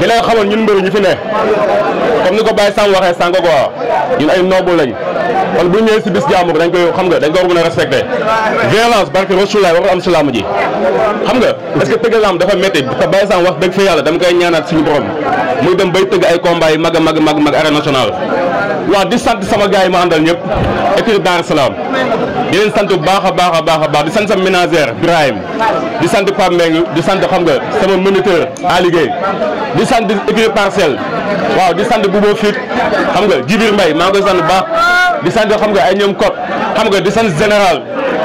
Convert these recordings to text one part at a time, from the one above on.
di leen xamal ñun mbëri ñu fi ne comme ni ko Baye Sam waxee sànq quoi ñun ay noobu lañ kon bu ñëwee si bis jàmm dañ koy xam nga dañ ko war a mën a respecté violence barke rasulaay war ji xam nga est-ce dafa métti te Baye wax dëgg fa yàlla dama koy ñaanaat suñu borom muy dem bay tëgg ay combat yi mag a mag mag mag arène nationale waaw di sant sama gars yi ma àndal ñëpp équipe Dar Salaam di leen sant bu baax a baax a baax a baax di sant sama ménagère Ibrahim di sant Pape Mbengue di sant xam nga sama moniteur Ali Gueye di sant équipe parcelle waaw di sant Boubou Fit xam nga Djibir Mbaye maa ngi koy sant baax di sant xam nga ay ñoom kot xam nga di sant général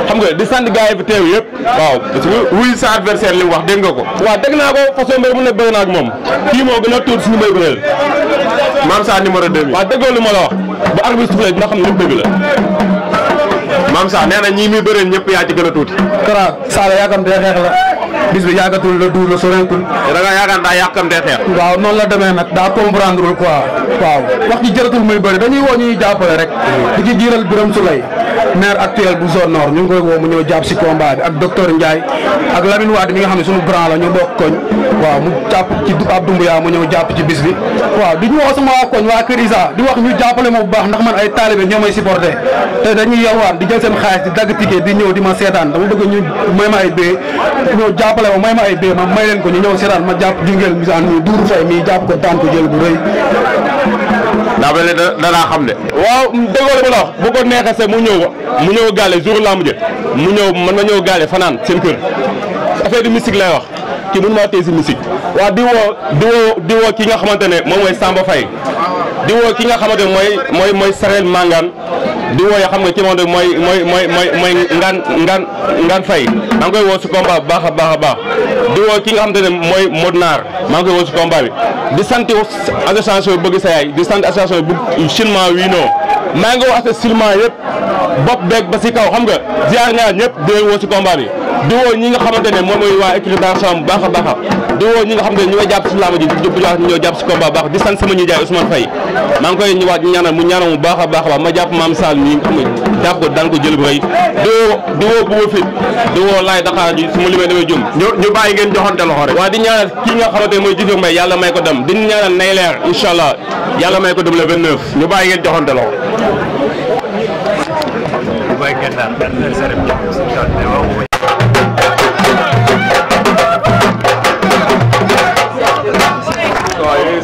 xam nga di sant gars yi fi teew yëpp waaw wuy sa adversaire li wax dégg nga ko waaw dégg naa ko façon mbir mu ne bëri ak moom kii moo gën a tuut suñu mbéy bëreel maam sa numéro 2 waaw déggoo lu ma la wax ba arbitre sifflé dina xam ne li bëgg la mam sa neena ñi mi muy bëre ñëpp yaa ci tuti a sa la Sala de xex la bis bi yàggatul la duur la soreetul. da nga da daa de xex waaw non la demee nak da comprendre quoi waaw wax ji jëratul muy bëri dañuy wo ñuy jàppale rek. di ci jiiral Birame Souleye maire actuel bu zone nord ñu ngi koy woo mu ñëw japp ci combat ak docteur ndjay ak Lamine wad mi nga xamni suñu grand la ñu bok koñ. waaw mu japp ci Abdou Mbuya mu ñëw japp ci bis bi waaw di ñu wax sama koñ wa Kër di wax ñu jappalé mo bu baax ndax man ay talibé ñoo supporter té dañuy yalwaan di jël ma seetaan dama bëgg ñu may ma ay bee ñëw jàppale ma may ma ay bee ma may leen ko ñu ñëw seetaan ma jàpp jungeel misaan mi duuru fay mi jàpp ko daan ko jël bu rëy. daa mel ne danaa xam ne. waaw déggoo la wax bu ko neexasee mu ñëw mu ñëw gaale jour laa mujjee mu ñëw mën na ñëw gaale fanaan seen kër affaire de musique lay wax. kii mën maa tey si musique ki nga xamante ne mooy Samba Faye di ki nga xamante ne mooy mooy mooy di wooyee xam nga ci moom mooy mooy mooy mooy mooy ngaan ngaan ngaan fay maa ngi koy woo si combat bu baax a baax a baax di woo ki nga xam te ne mooy Modou Naar maa ngi koy woo si combat bi di sant association bëgg sa yaay di sant association bëgg chinois wii noo maa nga woo association yëpp bopp beeg ba si kaw xam nga ziar ñaar ñëpp di woo si combat bi di woo ñi nga xamante ne moom mooy waa équipe d'ensemble bu baax a baax a di woo ñi nga xamante ne ñoo jàpp si làmb ji ñu ñoo jàpp si combat baax di sant sama ñuy jaay Ousmane Faye maa ngi koy waaj ñaanal mu ñaanal mu baax a baax a baax ma jàpp maam Sall ñi jàpp ko daan ko jël bu rëy di woo di woo bu ma fit di woo laay Dakar ji su ma limee damay jum ñu bàyyi ngeen joxante loxo rek di ñaanal kii mooy Djibi Mbaye yàlla ko dem di ñaanal nay leer incha allah yàlla may ko dem le 29 ñu bàyyi ngeen joxante loxo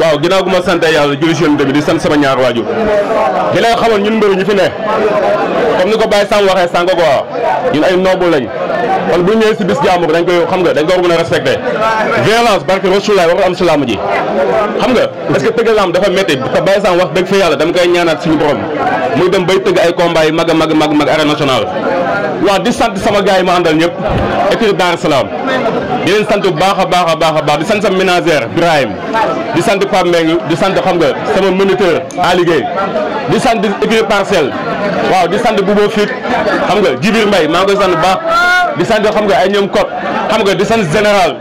waaw ginnaaw gu ma sant yàlla julli si yonent bi di sant sama ñaar waajur di leen xamoon ñun mbëri ñu fi ne comme ni ko Baye Sam waxee sànq ko ñun ay noble lañ kon bu ñëwee si bis jàmbur dañ koy xam nga dañ ko war a mën a am si làmb ji xam nga est que tëgg làmb dafa métti te Baye Sam wax dëgg fa yàlla dama koy ñaanaat suñu borom muy dem bay tëgg ay combat yi mag a mag mag mag arène nationale waaw di sant sama gars yi ma àndal ñëpp équipe Dar Salaam di leen sant bu baax a baax a baax a baax di sant sama ménagère di sant Pape Mbengue sant xam nga sama moniteur à liggéey di sant équipe parcelle waaw di sant Boubou Fit xam nga Djibir Mbaye maa ngi koy sant bu baax di sant xam nga ay ñoom kot xam nga di sant général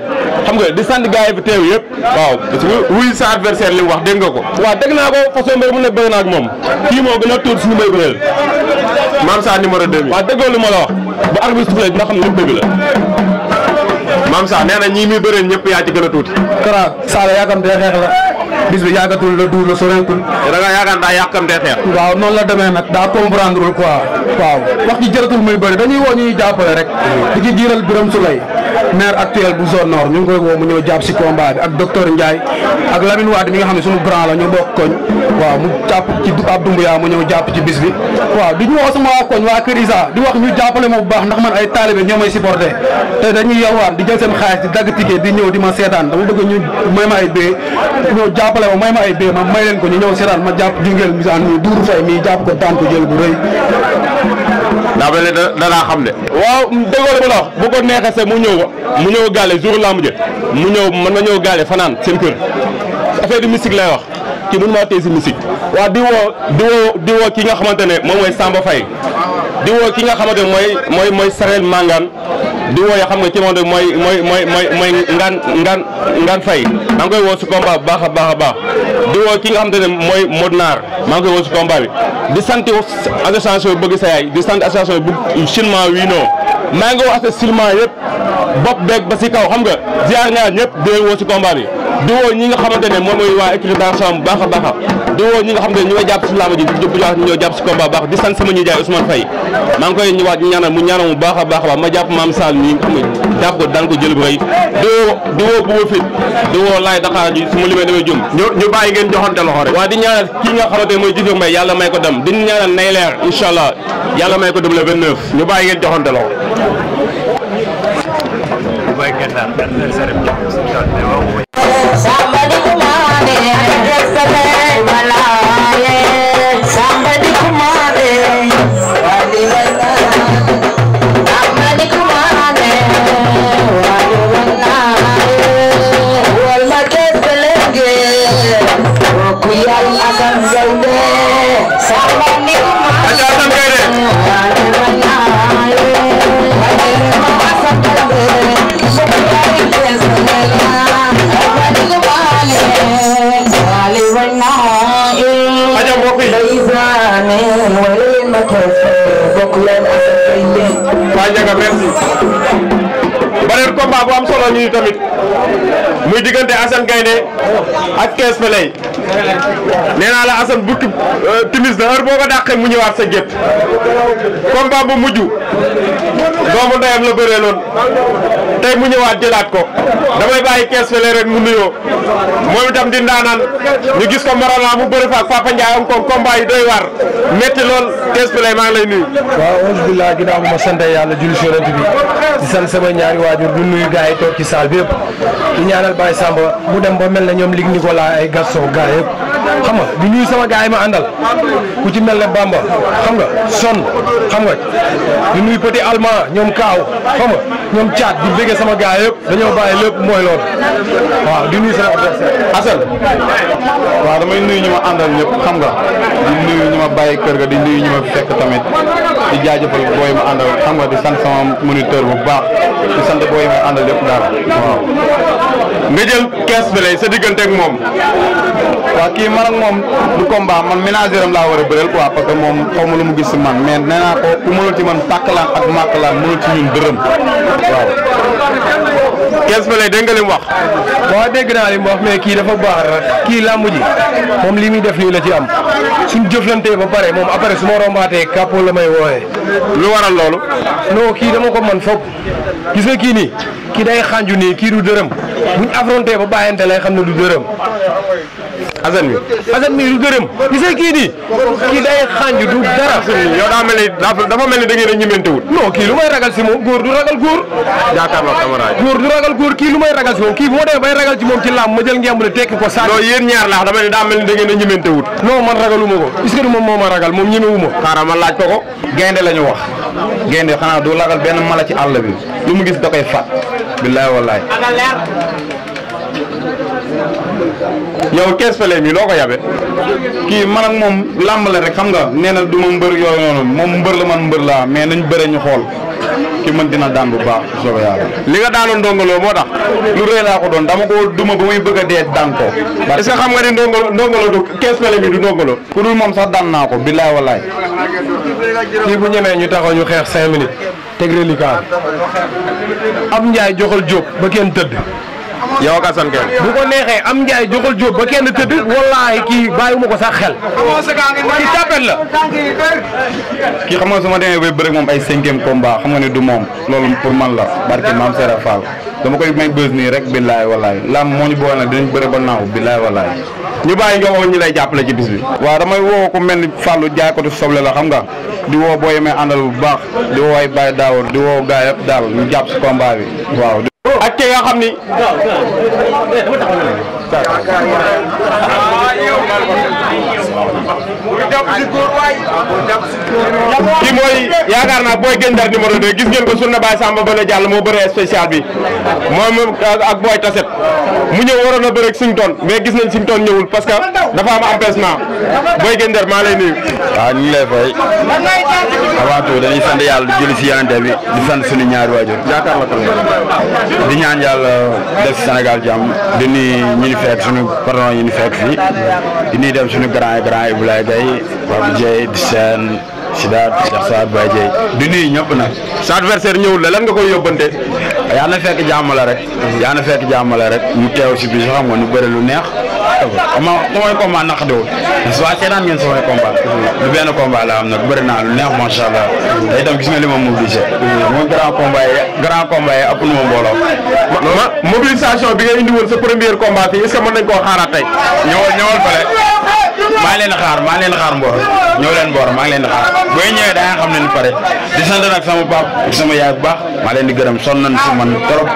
xam nga di sant gars yi fi teew yëpp waaw parce que wuy sa adversaire li wax dégg nga ko waa dégg naa ko façon mbir mu ne naa ak moom kii moo gën a tuut suñu mbay bëreel maam sa numéro 2 bi waaw déggoo lu ma la wax ba arbitre sifflé dina xam ne lépp la maam sa nee na ñii muy bëreel ñëpp yaa ci gën a tuuti. Kara Saalum yàkkamtee xeex la bis bi yàggatul la duul la soreetul. da nga yaakaar daa yàkkamtee xeex. waaw noonu la demee nag daa comprendreul quoi. waaw wax ji jëratul muy bëri dañuy woo ñuy jàppale rek. di ci jiiral Biram Sulay maire actuel bu zone ñu ngi koy woo mu ñëw jàpp si combat bi ak docteur Ndiaye ak Lamine Wade mi nga xam ne suñu grand la ñu bokk koñ waaw mu jàpp ci dumb yaa mu ñëw jàpp ci bis bi waaw di ñu wax sama waa koñ waa di wax ñu jàppale ma bu baax ndax man ay taalibe ñoo may supporté te dañuy yowaan di jël seen xaalis di dagg ticket di ñëw di ma seetaan dama bëgg ñu may ma ay bee ñëw jàppale ma may ma ay ma may leen ko ñu ñëw seetaan ma jàpp jungeel mi saan ñi duuru fay mi jàpp ko daan ko jël bu rëy daa mel ne da danaa xam de. waaw déggoo la la bu ko neexee mu ñëw mu ñëw gaale jour lamb jë mu ñëw mën na ñëw gaale fanaan seen kër affaire de musique lay wax kii mënu maa téye si musique. waaw di woo di ki nga xamante ne moom mooy Samba fay di ki nga xamante ne mooy mooy mooy Sarel Mangane di wooye xam nga ci moom mooy mooy mooy mooy mooy ngaan ngaan ngaan fay maa ngi koy woo si combat bu baax a baax a baax di woo ki nga xam te ne mooy Modou Naar maa ngi koy woo si combat bi di sant association bëgg sa yaay di sant association bu chinois wii noo maa nga woo association yëpp bopp beeg ba si kaw xam nga ziar naa ñëpp di woo si combat bi di woo ñi nga xamante ne moom mooy waa écurie Daaru baax a baax a di woo ñi ne jàpp si laama ji ñu ñoo jàpp si combat bu baax di sant sama ñuy jaay Ousmane Faye maa ngi koy ñëwaat ñaanal mu ñaanal mu baax a baax a baax ma jàpp maam Sall ñi jàpp ko daan ko jël bu rëy di woo di woo bu fit di woo laay daxaar ji su ma limee damay jum ñu bàyyi ngeen joxante loxo rek waaw di ñaanal kii nga xamante ne mooy Jifir Mbaye yàlla may ko dem di ñaanal nay leer incha allah yàlla may ko dem le 29 ñu bàyyi ngeen joxante loxo Baik kita, dan saya Sama मुझे कंटे आसान कहने अक्के एसपी nee la Assane bukki euh, timis na heure boo ko dàqee mu ñëwaat sa gétt combat bu mujj doomu ndeyam la bëree loon tey mu ñëwaat jëlaat ko damay bàyyi kees fële rek mu nuyoo moom itam di ndaanaan ñu gis ko Morala mu bëri fa ak Papa Ndiaye am ko combat yi doy waar metti lool kees fële maa ngi lay nuyu. waaw alhamdulilah ginnaaw ma sant yàlla julli si yonent bi di sant sama ñaari waajur du nuyu gars yi toog ci saal bi yëpp di ñaanal Baye Samba mu dem xam nga di nuyu sama gaa yi ma àndal ku ci mel ne Bamba xam nga son xam nga di nuyu petit allemand ñoom kaaw xam nga ñoom caat di bëggee sama gars yëpp dañoo bàyyi lépp mooy loolu waaw di nuyu sama adversaire Assane waaw damay nuyu ñu ma àndal ñëpp xam nga di nuyu ñu ma bàyyi kër ga di nuyu ñu ma fekk tamit di jaajëfal booy ma àndal xam nga di sant sama moniteur bu baax di sant booy ma àndal yëpp daal waaw nga jël kees bi sa diggante ak moom. waaw kii man ak moom du combat man ménagère laa war a bëreel quoi parce que moom xaw ma lu mu gis si man mais nee naa ko ku mënul ci man pàkk laan ak màkk laan mënul ci ñun dërëm waaw. Quinze Pele dégg nga li mu wax. waaw dégg naa li mu wax mais kii dafa baax rek kii làmb ji moom li muy def nii la ci am suñ jëflantee ba pare moom après su ma rombaatee kàppoo la may wooyee. lu waral loolu. non kii dama ko man foog gis nga kii nii kii day xànju nii kii du dërëm buñ affronté ba bàyyante lay xam ne du dërëm. Assane mi Assane mi du gërëm gisee kii nii kii day xànj du dara. yow daa mel ni dafa mel ni da ngeen a ñemantewut. kii lu may ragal si moom góor du ragal góor. jàkkaarloo caméra góor du ragal kii lu may ragal si moom kii bu ma demee bay ragal ci moom ci làmb ma jël ngemb la tekki ko saa. non yéen ñaar laax dama ne daa mel ni da ngeen a ñemantewut. non man ragaluma ko est du moom moo ma ragal moom ñemewu ma. xaaral ma laaj ko ko. gaynde la ñu wax. gaynde xanaa du ragal benn mala ci àll bi lu mu gis da koy fat billaay wallaay yow kees fële mi loo ko yabe kii man ak moom làmb la rek xam nga nee na du ma mbër yooyu noonu moom mbër la man mbër laa mais nañ bëre ñu xool ki mën dina daan bu baax soobee yàlla. li nga daaloon ndongoloo moo tax lu rëy laa ko doon dama ko duma ba muy bëgg a dee daan ko. est-ce que xam nga ni ndongolo ndongolo du kees fële mi du ndongolo. ku dul moom sax daan naa ko billaay wallaay. kii bu ñemee ñu taxaw ñu xeex cinq minutes. teg reliquat am njaay joxal jóob ba kenn tëdd. yow ak Assane Gueye bu ko neexee am njaay joxal jóob ba kenn tëdd wallaahi kii bàyyiwuma ko sax xel kii tapet la kii xam nga su ma demee ba bëri moom ay cinquième combat xam nga ne du moom loolu pour man la barke maam Sera Fall dama koy may bës nii rek billaay wallaay lam moo ñu boole nag dinañ bëri ba naaw billaay wallaay ñu bàyyi nga woo ñu lay jàppale ci bis bi waa damay woo ko mel ni Fallou jaay ko tu soble la xam nga di woo boo yemee àndal bu baax di woo ay Baye Daawur di ak ki nga xam ni. waaw waaw. ki mooy yaakaar naa booy gën dar numéro 2 gis ngeen ko surna Baye Samba Bala Diallo moo bëree spécial bi moom ak booy taset mu ñëw waroon a bëreeg suñ toon mais gis nañ suñ toon ñëwul parce que dafa am empêchement booy gën dar maa lay nuyu. waaw ñu ngi lay fay avant tout dañuy yàlla di julli si yante bi di sant suñu ñaari waajur yaakaar la ko di ñaan yàlla def si Sénégal jàmm di nuyu ñi ñu fekk suñu patron yi ñu fekk fii dem grand Ibrahima Gueye Pape Dieye di seen Sidaat Cheikh Saad Baye Dieye di nuyu nag sa adversaire ñëwul la lan nga koy yóbbante yaa na fekk jàmm la rek yaa na fekk jàmm la rek ñu teew si biir xam nga ñu bëri lu neex ama samay combat naqadiwul waa seetaan ngeen samay combat lu benn combat la am nag bëri naa lu neex macha allah te itam gis ma mobilisé mooy grand combat yi grand combat yi ëpp nu ma mbooloo ma mobilisation bi nga indi woon sa premier combat fii est-ce que mën nañ koo xaaraat maa leen xaar maa leen xaar mboor ñëw leen mboor maa ngi leen xaar booy ñëwee da nga xam ne ni pare di sant nag sama pap ak sama yaay baax maa leen di gërëm son nañ si man trop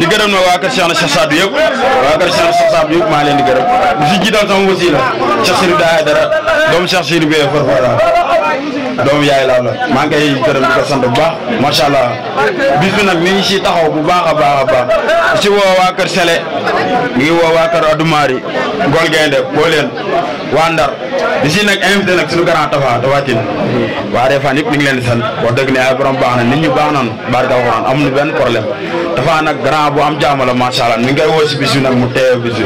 di gërëm nag waa kër Cheikh na Cheikh Sadou yëpp waa kër Cheikh na Cheikh Sadou maa leen di gërëm di si jiital sama wasi la Cheikh Sirif Daay dara doomu Cheikh Sirif Beye Farfara doomu yaay la la maa ngi koy gërëm di ko sant bu baax macha allah bis bi nag mi ngi si taxaw bu baax a baax a ci si woo waa kër Sele mi ngi woo waa kër Adumaari Gol Gaynde boo leen waa Ndar di si nag invité nag suñu a Tapha Tapha Tine waa Réfane yëpp ñu ngi leen di sant wax dëgg ne ay borom baax na nit ñu baax nañu barke am amuñu benn problème dafa nag grand bu am jàmm la macha allah mi ngi koy woo si bis bi nag mu teew bis bi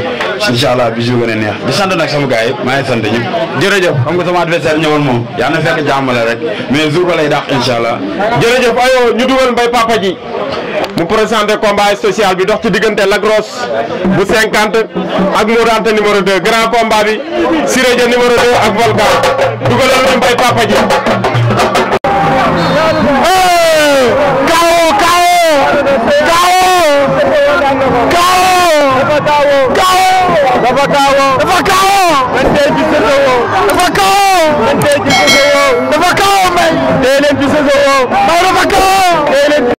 incha allah bis bi gën a neex di sant nag sama gars yi maa ngi sant ñëpp jërëjëf xam nga sama adversaire ñëwoon moom yaa na fekk jàmm la rek mais jour ba lay dàq incha allah. jërëjëf ayoo ñu dugal mbay papa ji mu présenté combat social bi dox ci diggante Lac Rose bu 50 ak Modou Anta numéro 2 grand combat bi Siré Dia numéro 2 ak Volcan dugalal ñu mbay papa ji. বাইরে